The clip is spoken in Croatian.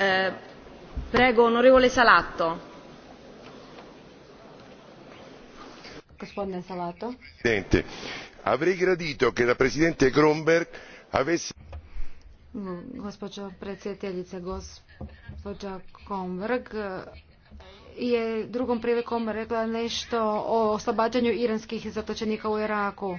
Eh, prego, onorevole Gospodine Salato. avrei gradito che la Presidente Kronberg avesse... Gospođo predsjedateljice, gospođa Kronberg, je drugom prilikom rekla nešto o oslobađanju iranskih zatočenika u Iraku.